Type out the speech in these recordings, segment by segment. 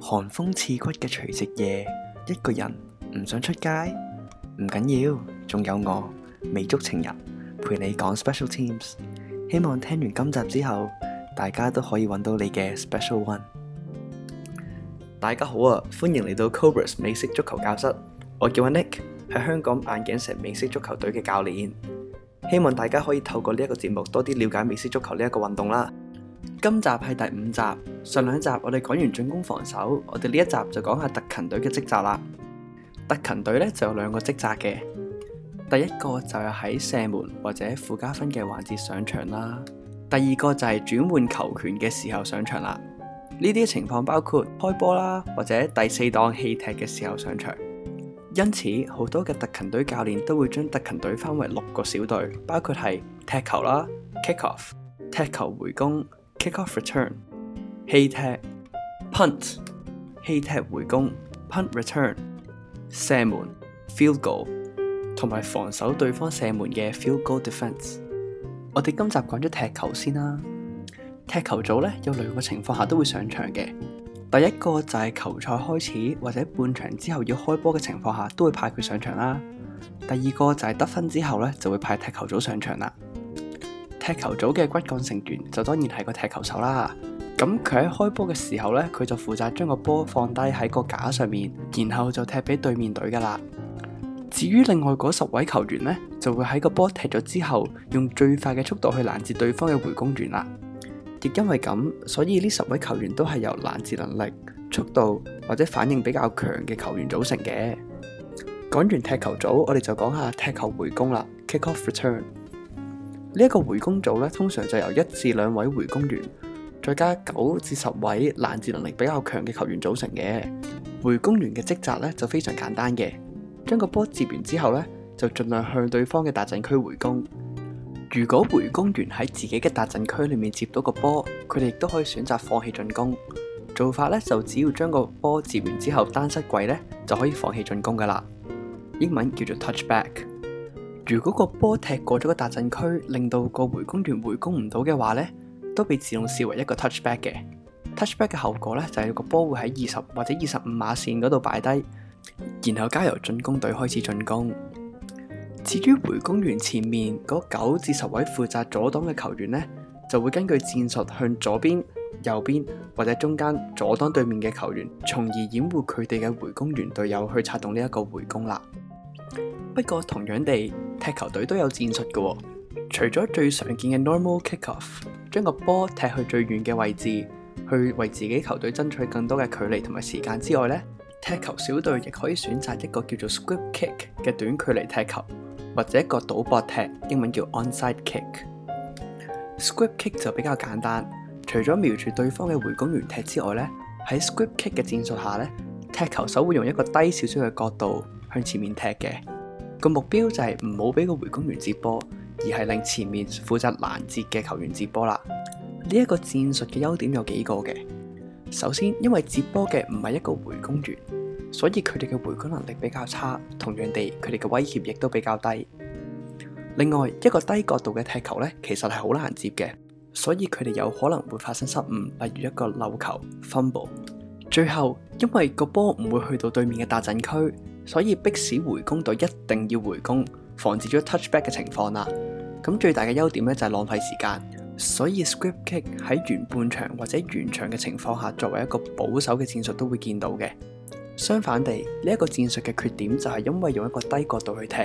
寒風刺骨嘅除夕夜，一個人唔想出街，唔緊要，仲有我美足情人陪你講 Special Teams。希望聽完今集之後，大家都可以揾到你嘅 Special One。大家好啊，歡迎嚟到 Cobras 美式足球教室，我叫阿 Nick，係香港眼鏡城美式足球隊嘅教練。希望大家可以透過呢一個節目多啲了解美式足球呢一個運動啦。今集係第五集，上兩集我哋講完進攻防守，我哋呢一集就講下特勤隊嘅職責啦。特勤隊呢就有兩個職責嘅，第一個就係喺射門或者附加分嘅環節上場啦，第二個就係轉換球權嘅時候上場啦。呢啲情況包括開波啦，或者第四檔棄踢嘅時候上場。因此，好多嘅特勤隊教練都會將特勤隊分為六個小隊，包括係踢球啦、Kickoff、踢球回攻。Kick-off return，棄踢，punt，棄踢回攻，punt return，射門，field goal，同埋防守對方射門嘅 field goal defense。我哋今集講咗踢球先啦。踢球組咧，有兩個情況下都會上場嘅。第一個就係球賽開始或者半場之後要開波嘅情況下，都會派佢上場啦。第二個就係得分之後咧，就會派踢球組上場啦。踢球組嘅骨幹成員就當然係個踢球手啦。咁佢喺開波嘅時候呢，佢就負責將個波放低喺個架上面，然後就踢俾對面隊噶啦。至於另外嗰十位球員呢，就會喺個波踢咗之後，用最快嘅速度去攔截對方嘅回攻員啦。亦因為咁，所以呢十位球員都係由攔截能力、速度或者反應比較強嘅球員組成嘅。講完踢球組，我哋就講下踢球回攻啦 （Kickoff Return）。呢一個回攻組咧，通常就由一至兩位回攻員，再加九至十位攔截能力比較強嘅球員組成嘅。回攻員嘅職責咧就非常簡單嘅，將個波接完之後咧，就盡量向對方嘅達陣區回攻。如果回攻員喺自己嘅達陣區裏面接到個波，佢哋亦都可以選擇放棄進攻。做法咧就只要將個波接完之後單膝跪咧，就可以放棄進攻㗎喇。英文叫做 touchback。如果個波踢過咗個達陣區，令到個回攻員回攻唔到嘅話呢，都被自動視為一個 touchback 嘅。touchback 嘅後果呢，就係個波會喺二十或者二十五碼線嗰度擺低，然後交由進攻隊開始進攻。至於回攻員前面嗰九至十位負責阻擋嘅球員呢，就會根據戰術向左邊、右邊或者中間阻擋對面嘅球員，從而掩護佢哋嘅回攻員隊友去策動呢一個回攻啦。不過同樣地，踢球隊都有戰術嘅喎、哦，除咗最常見嘅 normal kickoff，將個波踢去最遠嘅位置，去為自己球隊爭取更多嘅距離同埋時間之外咧，踢球小隊亦可以選擇一個叫做 squib kick 嘅短距離踢球，或者一個賭博踢，英文叫 onside kick。squib kick 就比較簡單，除咗瞄住對方嘅回攻員踢之外咧，喺 squib kick 嘅戰術下咧，踢球手會用一個低少少嘅角度向前面踢嘅。個目標就係唔好俾個回攻員接波，而係令前面負責攔截嘅球員接波啦。呢一個戰術嘅優點有幾個嘅。首先，因為接波嘅唔係一個回攻員，所以佢哋嘅回攻能力比較差，同樣地，佢哋嘅威脅亦都比較低。另外，一個低角度嘅踢球呢，其實係好難接嘅，所以佢哋有可能會發生失誤，例如一個漏球，Fumble。最後，因為個波唔會去到對面嘅達陣區。所以迫使回攻隊一定要回攻，防止咗 touchback 嘅情況啦。咁最大嘅優點咧就係浪費時間。所以 squib kick 喺完半場或者完場嘅情況下，作為一個保守嘅戰術都會見到嘅。相反地，呢一個戰術嘅缺點就係因為用一個低角度去踢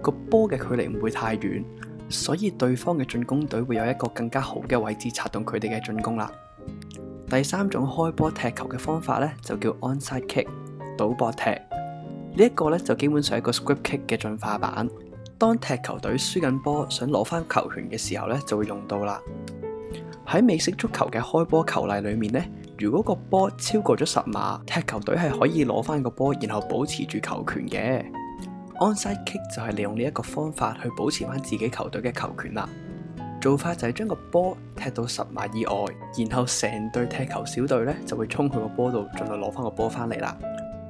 個波嘅距離唔會太遠，所以對方嘅進攻隊會有一個更加好嘅位置策動佢哋嘅進攻啦。第三種開波踢球嘅方法咧就叫 onside kick，賭博踢。呢一個咧就基本上係一個 squib kick 嘅進化版。當踢球隊輸緊波，想攞翻球權嘅時候咧，就會用到啦。喺美式足球嘅開波球，球例裏面咧，如果個波超過咗十碼，踢球隊係可以攞翻個波，然後保持住球權嘅。onside kick 就係利用呢一個方法去保持翻自己球隊嘅球權啦。做法就係將個波踢到十碼以外，然後成隊踢球小隊咧就會衝去個波度，盡量攞翻個波翻嚟啦。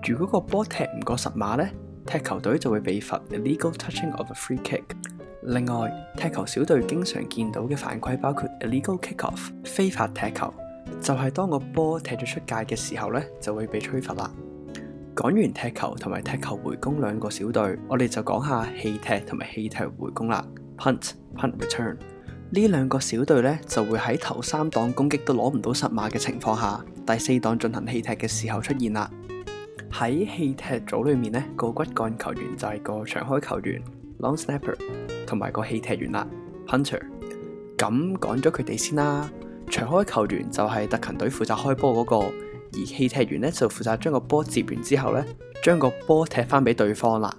如果個波踢唔過十碼呢，踢球隊就會被罰 illegal touching of a free kick。另外，踢球小隊經常見到嘅犯規包括 illegal kickoff，非法踢球，就係當個波踢咗出界嘅時候呢就會被吹罰啦。講完踢球同埋踢球回攻兩個小隊，我哋就講下棄踢同埋棄踢回攻啦。Punt punt return 呢兩個小隊呢，就會喺頭三檔攻擊都攞唔到十碼嘅情況下，第四檔進行棄踢嘅時候出現啦。喺棄踢組裏面呢、呢個骨幹球員就係個長開球員 long snapper，同埋個棄踢員啦 punter。咁講咗佢哋先啦。長開球員就係特勤隊負責開波嗰個，而棄踢員呢就負責將個波接完之後呢，將個波踢返俾對方啦。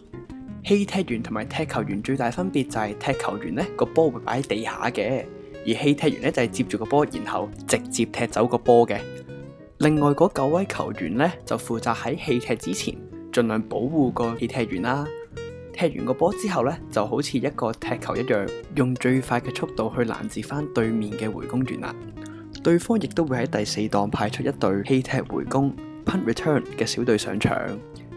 棄踢員同埋踢球員最大分別就係踢球員呢個波會擺喺地下嘅，而棄踢員呢就係、是、接住個波，然後直接踢走個波嘅。另外嗰九位球員咧，就負責喺棄踢之前盡量保護個棄踢員啦。踢完個波之後咧，就好似一個踢球一樣，用最快嘅速度去攔截翻對面嘅回攻斷籃。對方亦都會喺第四檔派出一隊棄踢回攻 p u n return） 嘅小隊上場。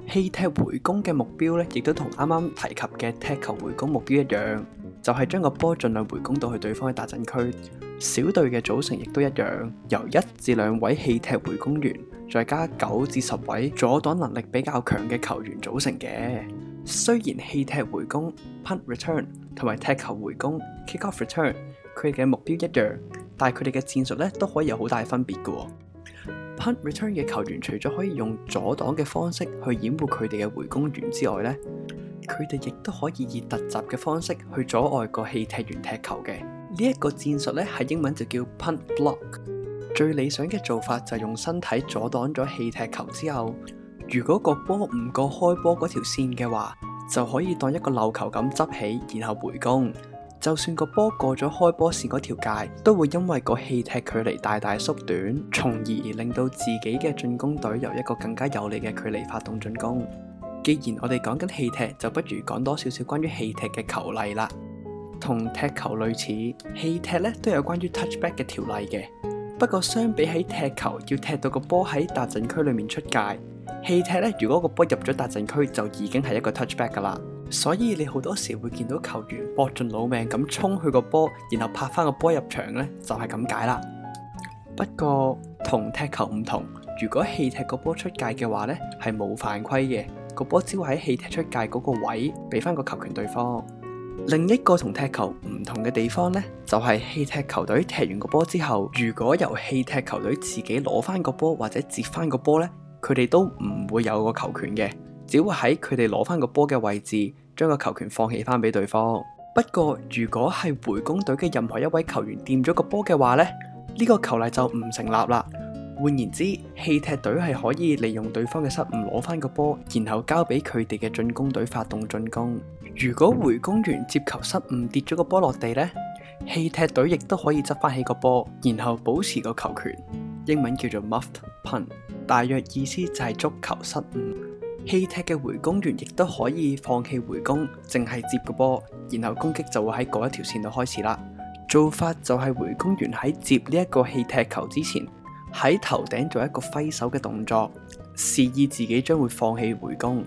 棄踢回攻嘅目標咧，亦都同啱啱提及嘅踢球回攻目標一樣。就係將個波盡量回攻到去對方嘅達陣區，小隊嘅組成亦都一樣，由一至兩位棄踢回攻員，再加九至十位阻擋能力比較強嘅球員組成嘅。雖然棄踢回攻 （punt return） 同埋踢球回攻 （kickoff return） 佢哋嘅目標一樣，但係佢哋嘅戰術咧都可以有好大分別嘅。punt return 嘅球員除咗可以用阻擋嘅方式去掩護佢哋嘅回攻員之外咧。佢哋亦都可以以突襲嘅方式去阻礙個棄踢員踢球嘅，呢一個戰術咧喺英文就叫 punt block。最理想嘅做法就係用身體阻擋咗棄踢球之後，如果個波唔過開波嗰條線嘅話，就可以當一個漏球咁執起，然後回攻。就算個波過咗開波線嗰條界，都會因為個棄踢距離大大縮短，從而令到自己嘅進攻隊由一個更加有利嘅距離發動進攻。既然我哋講緊棄踢，就不如講多少少關於棄踢嘅球例啦。同踢球類似，棄踢咧都有關於 touchback 嘅條例嘅。不過相比起踢球要踢到個波喺達陣區裏面出界，棄踢咧如果個波入咗達陣區就已經係一個 touchback 噶啦。所以你好多時會見到球員搏盡老命咁衝去個波，然後拍翻個波入場咧，就係咁解啦。不過同踢球唔同，如果棄踢個波出界嘅話咧，係冇犯規嘅。個波只會喺棄踢出界嗰個位俾翻個球權對方。另一個同踢球唔同嘅地方呢，就係棄踢球隊踢完個波之後，如果由棄踢球隊自己攞翻個波或者接翻個波呢，佢哋都唔會有個球權嘅，只會喺佢哋攞翻個波嘅位置將個球權放棄翻俾對方。不過如果係回攻隊嘅任何一位球員掂咗個波嘅話呢，呢個球例就唔成立啦。換言之，棄踢隊係可以利用對方嘅失誤攞翻個波，然後交俾佢哋嘅進攻隊發動進攻。如果回攻員接球失誤跌咗個波落地呢，棄踢隊亦都可以執翻起個波，然後保持個球權。英文叫做 Muffed Punt，大約意思就係觸球失誤。棄踢嘅回攻員亦都可以放棄回攻，淨係接個波，然後攻擊就會喺嗰一條線度開始啦。做法就係回攻員喺接呢一個棄踢球之前，喺頭頂做一個揮手嘅動作，示意自己將會放棄回攻。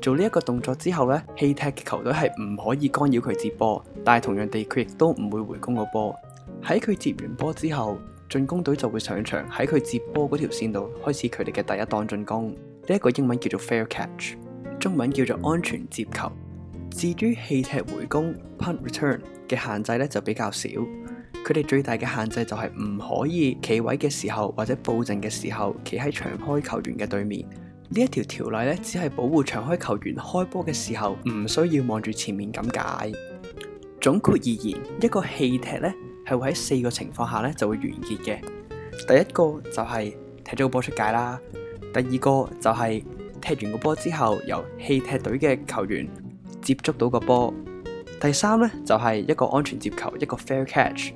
做呢一個動作之後呢，棄踢嘅球隊係唔可以干擾佢接波，但係同樣地，佢亦都唔會回攻個波。喺佢接完波之後，進攻隊就會上場，喺佢接波嗰條線度開始佢哋嘅第一檔進攻。呢一個英文叫做 fair catch，中文叫做安全接球。至於棄踢回攻 （punt return） 嘅限制呢，就比較少。佢哋最大嘅限制就係唔可以企位嘅時候或者布陣嘅時候，企喺長開球員嘅對面。一條條呢一條條例咧，只係保護長開球員開波嘅時候，唔需要望住前面咁解。總括而言，一個棄踢咧係會喺四個情況下咧就會完結嘅。第一個就係踢咗個波出界啦。第二個就係踢完個波之後，由棄踢隊嘅球員接觸到個波。第三咧就係、是、一個安全接球，一個 fair catch。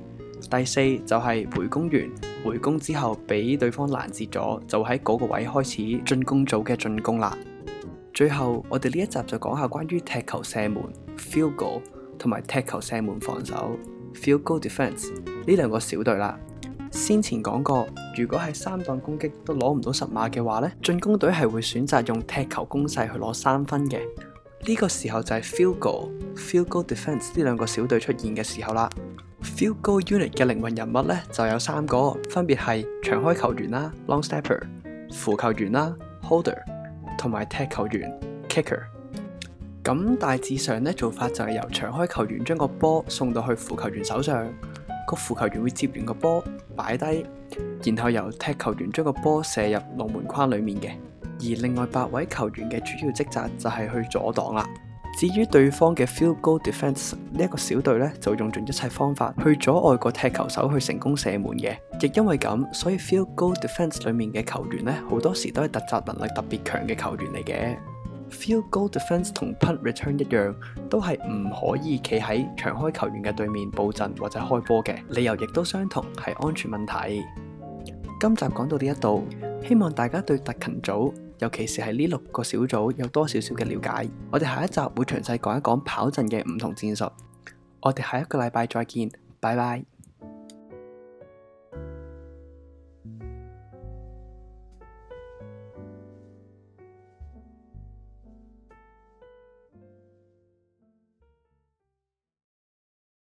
第四就係回攻完，回攻之後俾對方攔截咗，就喺嗰個位開始進攻組嘅進攻啦。最後我哋呢一集就講下關於踢球射門、field goal 同埋踢球射門防守、field goal defense 呢兩個小隊啦。先前講過，如果係三檔攻擊都攞唔到十碼嘅話呢，進攻隊係會選擇用踢球攻勢去攞三分嘅。呢、呢個時候就係 field goal、field goal defense 呢兩個小隊出現嘅時候啦。Field Goal Unit 嘅靈魂人物呢，就有三個，分別係長開球員啦、Long Stepper、ste pper，扶球員啦、Holder 同埋踢球員 Kicker。咁 Kick、er、大致上，呢，做法就係由長開球員將個波送到去扶球員手上，個扶球員會接完個波擺低，然後由踢球員將個波射入龍門框裏面嘅。而另外八位球員嘅主要職責就係去阻擋啦。至於對方嘅 field goal defense 呢一個小隊咧，就用盡一切方法去阻礙個踢球手去成功射門嘅，亦因為咁，所以 field goal defense 裏面嘅球員咧，好多時都係突襲能力特別強嘅球員嚟嘅。field goal defense 同 punt return 一樣，都係唔可以企喺長開球員嘅對面布陣或者開波嘅，理由亦都相同，係安全問題。今集講到呢一度，希望大家對特勤組。尤其是係呢六個小組有多少少嘅了解，我哋下一集會詳細講一講跑陣嘅唔同戰術。我哋下一個禮拜再見，拜拜。